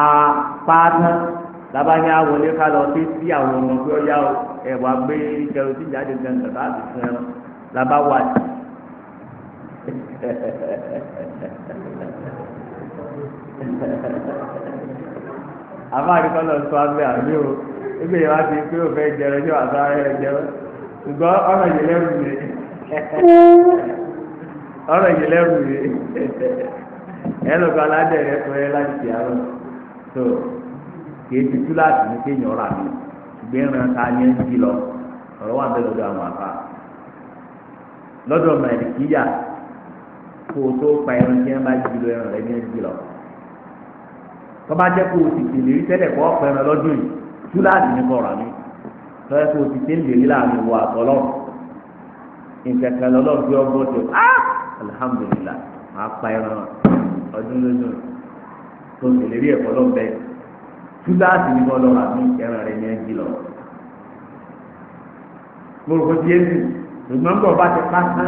àpáta labani awọlé kálọ̀ tí tí àwọn ọmọ pé ọ̀yá ẹ̀wà gbé kẹrù tí jáde gbẹ̀ngàn láti fún ẹ labawa afọ àdìgbọ́n lọ sọ abẹ́ àmì o ebi yẹn pé o fẹ́ jẹrọ yóò wá jẹrọ ṣùgbọ́n ọ̀rọ̀ yìí lẹ́rù mi ọ̀rọ̀ yìí lẹ́rù mi ẹ lọ rẹ láti ṣe so tó kìí ti tú láti ní kéèyàn ọ̀rọ̀ àmì gbẹ̀rán ń di lọ ọ̀rọ̀ wà bẹ́ẹ̀ lọ́dọ̀ àwọn àfa lọ́dọ̀ mẹ́rin kó o tó pa ẹran tí wọn bá jí lọ ẹran rẹ ní ẹjì lọ tọ́ba jẹ́ kó o ti tèlè rí tẹ́lẹ̀ kọ́ ọ̀pọ̀ ẹran lọ́dún yìí túláàdì ní kọ̀ọ̀rọ̀ mi tọ́yẹ kó o ti tèlè rí láàrin wọ àtọ́lọ́ ìkẹ̀kẹ̀ lọ́lọ́run bí ọgbọ́n tó a ah! alihamudulila máa pa ẹran ọdún lọ́dún tó tèlè rí ẹ̀kọ́ lọ́ bẹ́ẹ̀ túláàdì ní kọ̀ọ̀rọ̀ mi ẹran rẹ ní ẹjì lọ mo rò kó tiẹ́ nù bọ̀ bá ti pàṣẹ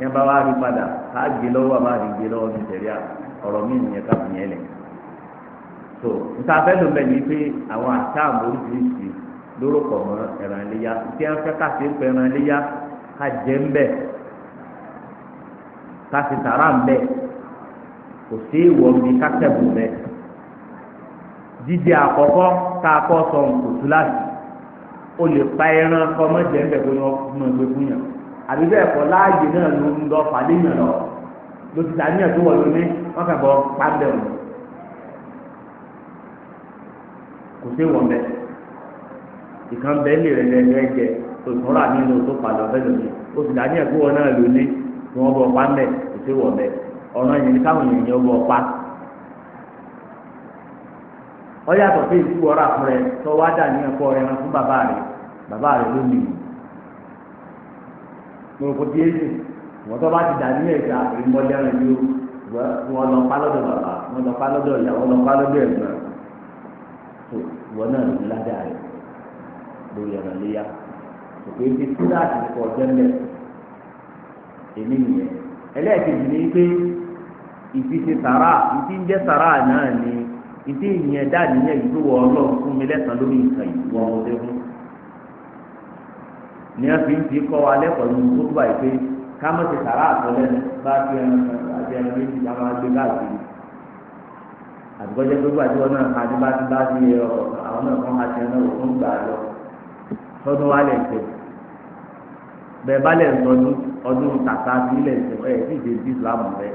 ní bá wá rí padà á gbé lọ́wọ́ àbá rí gbé lọ́wọ́ ní sẹ̀ríà ọ̀rọ̀ mi nìyẹn ká fìyẹn lẹ̀. tó nta fẹ́ ló bẹ̀ ní pé àwọn àtàwọn oríṣiríṣi lóró pọ̀ mọ́ ẹran iléyá tí wọ́n fẹ́ ká ṣe ń pẹ́ ẹran iléyá ká jẹ́ ń bẹ̀ ká ṣe tààrà ń bẹ̀ kò sí ìwọ mi ká tẹ̀bù bẹ̀ jíjẹ àkọ́kọ́ tá a kọ́ sọ nkùtù láti o lè pa ẹran kọ́ mọ́jẹ́ ń bẹ̀ pé wọ́n mọ̀ àbí bẹ́ẹ̀ kọ́ láàyè náà ló ń lọ pàdé yàn lọ ló ti sàníyàn tó wọ̀ lóní wọ́n fẹ́ bọ́ pàdé wọn kò sí wọ́n bẹ́ẹ̀ ìkan bẹ́ẹ̀ lè rẹ̀ ẹ̀jẹ̀ nínú tó padà ó ti wọ̀ náà lóní wọ́n mẹ́ kò sí wọn bẹ́ẹ̀ ọ̀ràn yẹn káwọn sí fún rẹ ní ẹ̀kọ́ rẹ fún bàbá rẹ bàbá rẹ kòkò tí èyí wọn tó bá ti dà ní ẹja ìmọlẹ rẹ yóò wọn lọ pa lọ́dọ̀ bàbá wọn lọ pa lọ́dọ̀ ìyá wọn lọ pa lọ́dọ̀ ẹ̀gbọ́n tó wọn náà ló ládàá rẹ lórí ọ̀nà léyà kòkò ebi tí láti kọ jẹ́lẹ̀ èmi nìyẹn ẹlẹ́ẹ̀kejì ni pé ìfi ṣe sàrà ìfi ń jẹ́ sàrà náà ni ìfi ìyẹn dá nìyẹn ìgbówó ọlọ́run fún mi lẹ́sàn-án lórí nǹkan ìwọ ọmọdé fún ní a fi ń fi kọ́ wa lẹ́kọ̀ọ́ ní gbogbo àyè pé ká mọ̀ sí sàrà àtọ́lẹ́nu bá fi ẹran àti ẹran méjì ká máa gbé káàkiri àtìkọ́jẹ́ gbogbo àti wọn náà ká ní bá ti bá ti yẹ ọkọ̀ àwọn náà kàn á ti ẹran òkú gbà lọ tọdún wa lẹ̀ tẹ̀ bẹ́ẹ̀ bá lẹ̀ tọdún ọdún tàtà sí ilẹ̀ tẹ̀ ẹ̀ sì ṣe bí Islam rẹ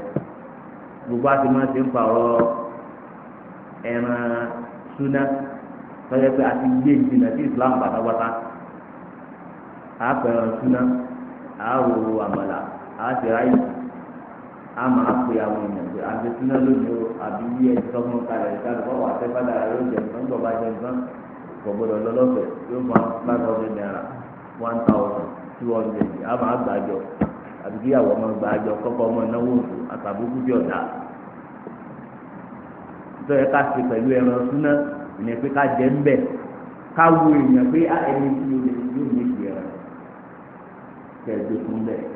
gbogbo àti máa ti ń pa ọ̀rọ̀ ẹran súná tọ́jọ́ pé àti gbé ìgbìnà sí Islam pátápátá. àpẹẹrẹ súná àwò àmàlà àti ráìsì àmà àpè àwọn èèyàn lónìí o àbí yí ẹni tọ́gbọ́n kalẹ̀ ìtàlù kọ́ wà yóò jẹ nǹkan tó bá jẹ nǹkan kò lọ́lọ́fẹ̀ yóò fún five hundred naira one thousand two hundred àmà àgbàjọ àbí ọmọ gbàjọ kọ́kọ́ ọmọ àtàbùkù bí ọ̀dà tọ́yẹ ká ṣe pẹ̀lú ẹran ìyẹn pé ká jẹ kẹgbẹ fún bẹ́ẹ̀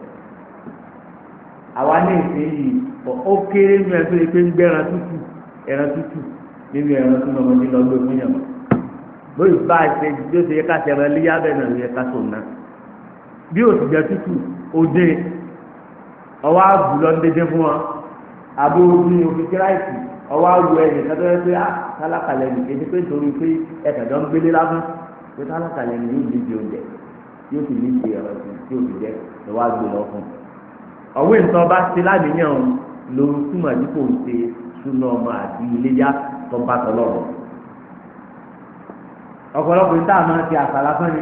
àwa ní ìsìn yìí ó kéré nínú ẹgbẹ́ yìí pé ń gbé ẹran tútù ẹran tútù nínú ẹran tó lọmọ ní lọgbẹ fún yàrá lóyún bá a ṣe bí ó ṣe yẹ ká ṣe ẹran léyà bẹ́ẹ̀ náà ló yẹ ká tó ná bí ó sì jẹ tútù òde ọwọ́ àbù lọ ń dédé fún wọn àbí omi omi kíláìsì ọwọ́ àwù ẹ̀yìn kátó yẹ pé ah tálákàlẹ̀ nìyẹn ti pé nítorí pé ẹ̀kẹ́dọ̀ ń gbélé lábọ́ pé tálákàlẹ̀ nìyẹn ò tí ó sì ní ìgbé ọ̀rọ̀ sí tí ó sì jẹ́ ẹ wá gbé lọ fún un. ọ̀wé nǹkan bá ṣe láàbíyàn ló ń túmọ̀ ní kò ń ṣe súná ọmọ àti iléyà tó bá tọlọ́rọ̀. ọ̀pọ̀lọpọ̀ ìta máa ti àṣà lásán ni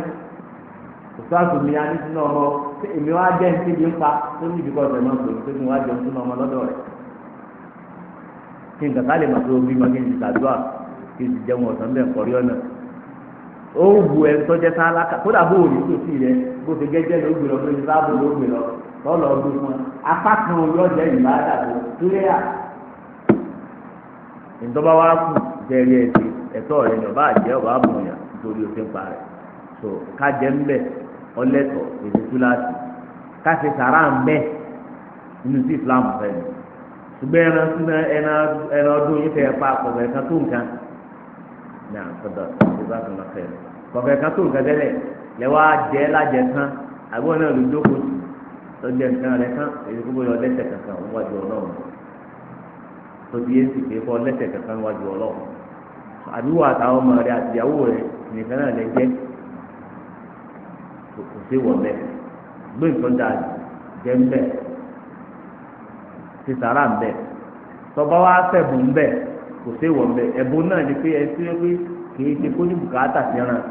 òṣù àtúnmí á ní súná ọmọ èmi wá jẹ́ níbi ń pa tó ní ìdíkọ̀ ọ̀sẹ̀ náà sọ̀rọ̀ pé mi wá jẹun súná ọmọ lọ́dọ̀ rẹ̀. kí n kàkà mọ̀ pé omi mọ́ kí n ti ó bu ẹ tọjẹ tán alaka kódà bó òní tó ti rẹ bó ti gẹ́gẹ́ ló gbé lọ bó ti sábò ló lọ ọdún fún ẹ apá kan ìlà àdàbò wa kù jẹrí ẹsẹ rẹ ọba àjẹ ọba nítorí òfin pa rẹ kájẹ ọlẹtọ èdè káṣe sàrà sí fẹ ni ṣùgbọ́n ẹran ọdún yìí fẹ́ pa àpọ̀gbẹ̀ kan tó nǹkan. náà sọdọ ìgbà tó lọ fẹ kọfẹ kan tó nǹkan tẹ́lẹ̀ lẹwà jẹ lájẹ tán àbúrò náà ló jókòó tì lọjẹ nǹkan rẹ tán èyí kó bóyá ọlẹsẹ kankan wájú Ọlọ́run tó ti yé sì pé kọ ọlẹsẹ kankan wájú Ọlọ́run àdúgbò àtàwọn ọmọ rẹ àtìyàwó kò sí ìwọ̀n bẹ́ẹ̀ ẹ̀bùn náà ni pé ẹ ti rẹ́ pé kìí ṣe kó ní bùkátà ti ràn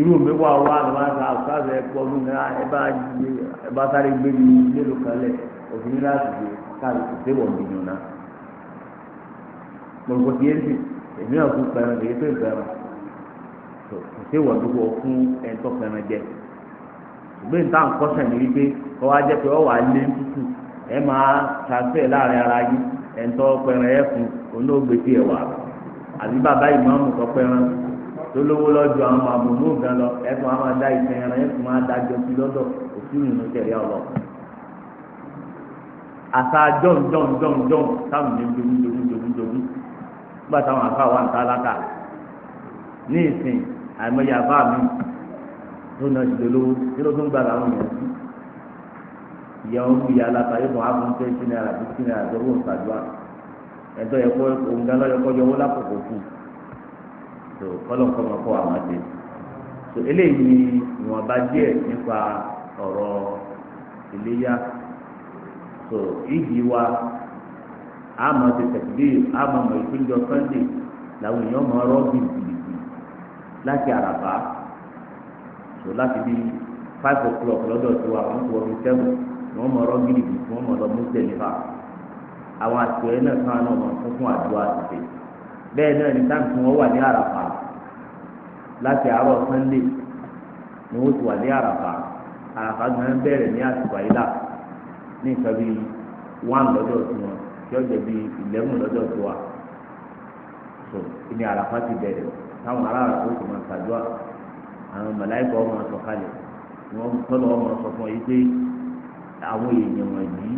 irú mi wá wá lọ́wọ́ àti àwùjọ ẹ pọ̀ mí náà ẹ bá ẹ bá sáré gbé mi lélo kalẹ̀ òfin ní láti gbé káàdì kò sí ìwọ̀n bìyàn náà mo kò tiẹ̀ sì èmi náà kú pẹ̀rẹ̀ kìí pé pẹ̀rẹ̀ kò sí ìwọ̀n dúró fún ẹ̀ńtọ́ pẹ̀rẹ̀ jẹ ìgbé nǹkan kọ́sẹ̀ ní wípé kọ́ wá jẹ́ pé ọ wà lé tútù ẹ máa transfer láàrin ara yín ẹ̀ńtọ́ pẹ̀rẹ̀ ẹ̀ fún un onóògbé tí ẹ wà àbí bàbá ìmáàmù tọpẹ rán tó lówó lọ́jọ́ àwọn àmúmú gan lọ ẹ̀fọn àwọn adá ìfẹ́ ẹran ẹ̀fọn máa dájọ́ sí lọ́dọ̀ òfin ìrìn tẹ̀lé ọ̀lọ́. àṣà jọ̀n jọ̀n jọ̀n jọ̀n táwọn ní jogún jogún jogún jogún nígbà táwọn àfa wà ní tálákà ní ìsìn àìmọye àfa mi tó na jùlọ lówó tí ló tún gbà láwọn yẹn sí ìyá ọmú ìyá aláta yóò tún á fún tẹ́sí náírà fífi náírà tó wọ́n ṣàdúrà ẹjọ́ yẹ kó òǹgá lọ́yọ̀ kọjọ owó lákòókò kù tó kọ́lọ̀ kọ́ máa kọ́ àwọn àti tó eléyìí ni ìwọ̀nba díẹ̀ nípa ọ̀rọ̀ iléyà tó ìdí wa àmọ́ ti tẹ̀síbí àmọ́ mọ̀ ìpínjọ sunday làwọn èèyàn mọ̀ ọ́rọ́ bìbìbì láti àràbá tó láti bí five o'clock lọ́dọ̀ tó wa wọ́n ti wọ́n fi sẹ́wọ̀n wọ́n mọ̀ ọ́rọ́ bìbìbì wọ́n mọ̀ ọ́rọ́ mú tẹ̀lé fáwọn àwọn àtìwẹ́ náà kan náà wọ́n fún fún àdúrà àtìwẹ́ bẹ́ẹ̀ náà ní táǹkì wọn wà ní àràfà láti àárọ̀ sunday ni wọ́n ti wà ní àràfà àràfà gan bẹ̀rẹ̀ ní àsìkò àyílà ní nǹkan bíi one lọ́dọ̀ tí wọn tí ọ̀jẹ̀ bíi eleven lọ́dọ̀ tí wa so ní àràfà ti bẹ̀rẹ̀ táwọn aráàlú tó ti máa ṣàdúrà àwọn màláíkà ọmọ sọ̀kalẹ̀ wọn tọ́lọ̀ ọmọ sọ fún ọ yìí pé àwọn èèyàn wọ̀nyí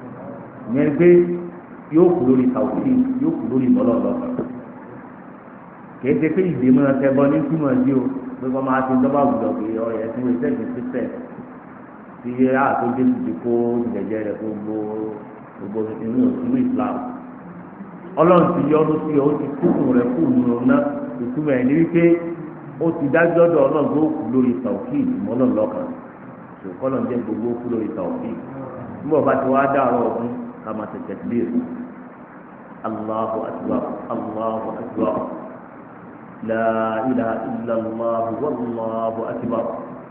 ìyẹn ni pé yóò kú lórí tàwùsí yóò kú lórí bọ́lọ̀ lọ́kàn kìí ṣe pé ìdè mìíràn tẹ bọ́ ní túmọ̀ sí o pé kọ́ máa ti dọ́gba wùdọ̀ pé ọ̀rẹ́ ẹ̀sìn ìwé sẹ́yìn sísẹ̀ tí yẹ́rà tó ti kó ìjẹ̀jẹ̀ rẹ̀ gbogbo gbogbo inú ìlú Islam ọlọ́run ti yọ ọdún sí ọ ó ti kúkú rẹ̀ kú nínú ọ̀nà ìtumọ̀ ẹ̀ ní wípé ó ti dájú ọ̀dọ̀ ọlọ́run tó kú lórí tàwùkì ìmọ̀lọ́ọ̀lọ́kan ṣùkọ́ lọ́n jẹ́ gbogbo kú lórí tàwùkì kama ti tẹ̀síbíir allahu akbar allahu akbar la ilaha illallah wallahu akbar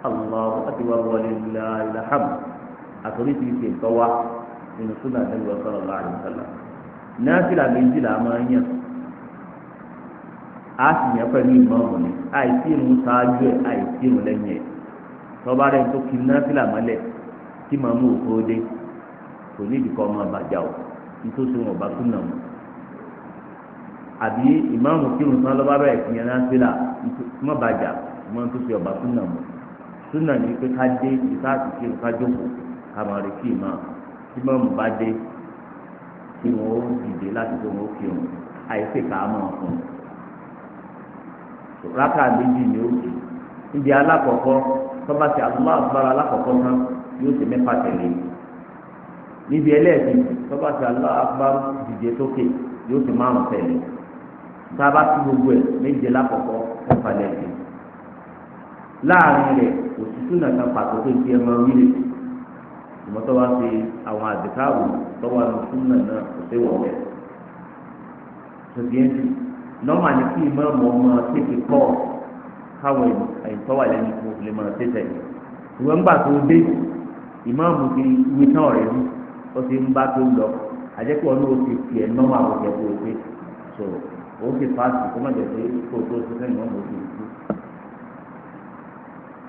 allahu akbar walillahi alhamd àtòrí ti ṣe nǹkan wá nínú súnà nílùú ọ̀sán láàrin sọ́lá náfìlà méjìlá máa ń yàn á sì yàn pẹ̀lú ìmọ̀ọ́mù ni àìsí irun ṣáájú ẹ̀ àìsí irun lẹ́yìn ẹ̀ tọ́ba rẹ̀ tó kí náfìlà mọ́lẹ̀ kí màmú òfò dé kò ní ìdíkọ́ ọmọ àbàjá o nítorí wọn ọba tún nà mọ́ àbí ìmáàmù kírun tán lọ́ba bẹ̀rẹ̀ sí yẹn náà sílà mọ́ bàjá mọ́ tó fi ọba tún nà mọ́ tún nà ní pé ká dé ìsáàtì kírun ká jókòó ká máa retí ìmáàmù tí mọ́mù bá dé tí wọ́n ó dìde láti tó wọn ó kírun àìsè ká mọ́ ọ̀fun rákà méjì ni ó kì níbi alákọ̀ọ́kọ́ tọ́ba ti àdúgbò àgbára alákọ̀ọ́kọ́ náà yóò ti mẹ́fà tẹ̀lé yìí níbi ẹlẹ́ẹ̀kì tọ́ba ti Allahu Akbar dìde sókè yóò ti márùn tẹ̀lé tá a bá tú gbogbo ẹ̀ méje lákọ̀ọ́kọ́ ẹ̀fà lẹ́ẹ̀kì láàrin rẹ̀ òtútù náà kan pàtó tó ti ẹmọ wílé ìmọ̀tọ́ wa fi àwọn àdìkáàwò tọ́wọ́ àwọn súnmọ̀ náà kò sí wọ̀ bẹ́ẹ̀. sọ̀tìyẹ́ntì nọ́mà ní kí ìmọ̀ ọmọ tètè kọ́ káwọn àyìntọ́wà lẹ́nu kò lè mọ̀ tètè. ìwọ̀n gbà tó dé ìmọ̀ ọ̀mù ti wí tán ọ̀rẹ́ mi ó ti ń bá tó lọ àjẹkù ọdún ó ti fi ẹ̀ nọ́mọ àwòjẹ tó o so ó ti fàásì kó má jẹ pé kó o tó o ṣe fẹ́ ìmọ̀ òkè òkú.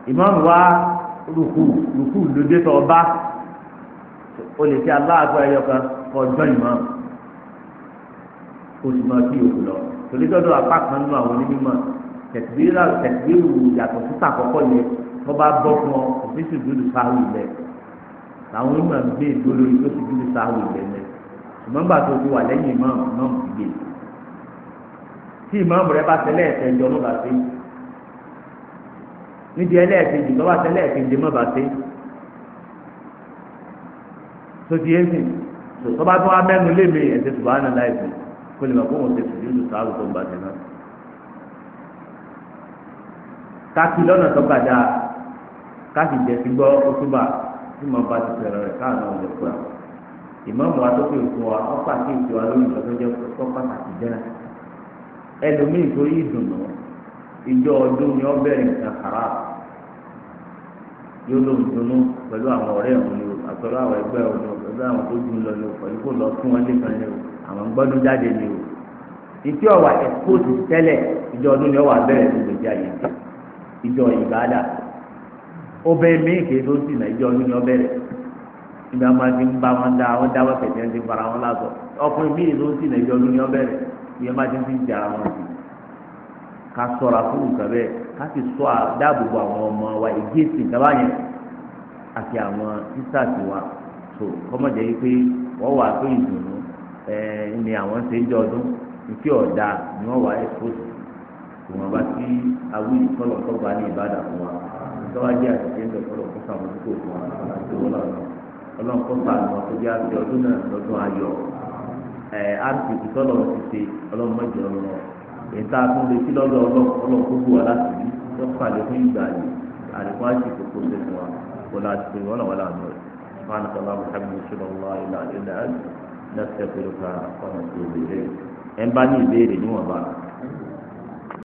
ìmọ̀n wa rùkù rùkù lóde tó ọba o lè ṣe aláàgbọ̀ ẹyọ kan kọjọ́ ìmọ̀ kó o sì máa fi òkú lọ torí dọ́dọ̀ apá kan nínú àwọn onímọ̀ tẹ̀síwìrì yàtọ̀ sísà àkọ́kọ́ yẹ wọ́n bá bọ́ fún ọ òfin sì dúdú sáà làwọn onímọ̀ ń gbé ìdúró lórí tó ti dúró sáwò ìgbẹ́lẹ̀ ṣùgbọ́n gbà tó ti wà lẹ́yìn ìmọ̀ọ́mù ìmọ̀ọ́mù ti gbé tí ìmọ̀ọ́mù rẹ bá tẹ́lẹ̀ ẹ̀tẹ́jọ́ ló bá ṣe níbi ẹlẹ́ẹ̀kejì lọ́wọ́ tẹ́lẹ̀ ẹ̀kejì mọ́ bá ṣe tó ti yé sìn tó bá tó wá mẹ́nu lémi ẹ̀sẹ̀ tó bá nà láìpẹ́ kó lè mọ̀ kó wọn ṣe tòjú lù sáwò tó ń tí mo bá ti sọ̀rọ̀ rẹ̀ káàánú ọ̀dẹ̀ fún wa ìmọ̀mù atọ́kọ̀ ìfún wa ọ̀pá sí ìfún wa lórí ìtọ́jọ́ tó pàtàkì jẹ́ ẹlòmíì torí ìdùnnú ìjọ ọdún ni ó bẹ̀rẹ̀ nǹkan kàrà yóò lóun dunnú pẹ̀lú àwọn ọ̀rẹ́ òun ni o pẹ̀lú àwọn ẹgbẹ́ òun ni o pẹ̀lú àwọn tó dùn lọ ni o pẹ̀lú kò lọ fún wọn lẹ́kan ni o àwọn gbọ́dún jáde ni o ìtí ọ̀wà ẹ̀kóòtù tẹ́lẹ̀ ìjọ ọdún ni ọ̀wà bẹ̀rẹ̀ gbogbo ìjà yìí ìjọ ìbáàdà ọbẹ̀ mee kì í tó sì náà ìjọ ọdún ni ọbẹ̀ rẹ̀ níbi àwọn máa ti ń bá wọn dá wọn dá wọn tẹ̀sí ẹni fara wọn lásọ ọkùnrin míì tó sì náà ìjọ ọdún ni ọbẹ̀ rẹ̀ ìyẹn máa ti ń fi jà wọn sí ká sọra fún bẹ́ẹ̀ ká sì sọ dáàbòbò àwọn ọmọ wa ìgbé sí ìjọba yẹn àti àwọn wa tó kọ́mọ̀jẹ́ yìí pé wọ́n wà pé ìdùnnú ni àwọn ṣe ń jọ ọdún ọ̀dà ni tọ́wájú àtìké ńlẹ̀ kọ́lọ̀ kó sàmójúkò fún wa àti wọn lọ́nà ọlọ́run kó sàmójúkò tó bí a ti ọdún náà lọ́dún ayọ̀ ẹ̀ àtìkù tọ́lọ̀ ti ṣe ọlọ́run mọ́jọ lọ ètò àtúndé sí lọ́dọ̀ ọlọ́run kó bù wá láti bí tó pàdé fún ìgbà yìí àdìkú àtìkù kó ṣe fún wa kó láti pè wọ́n lọ́wọ́ láàánú rẹ̀ سبحانك اللهم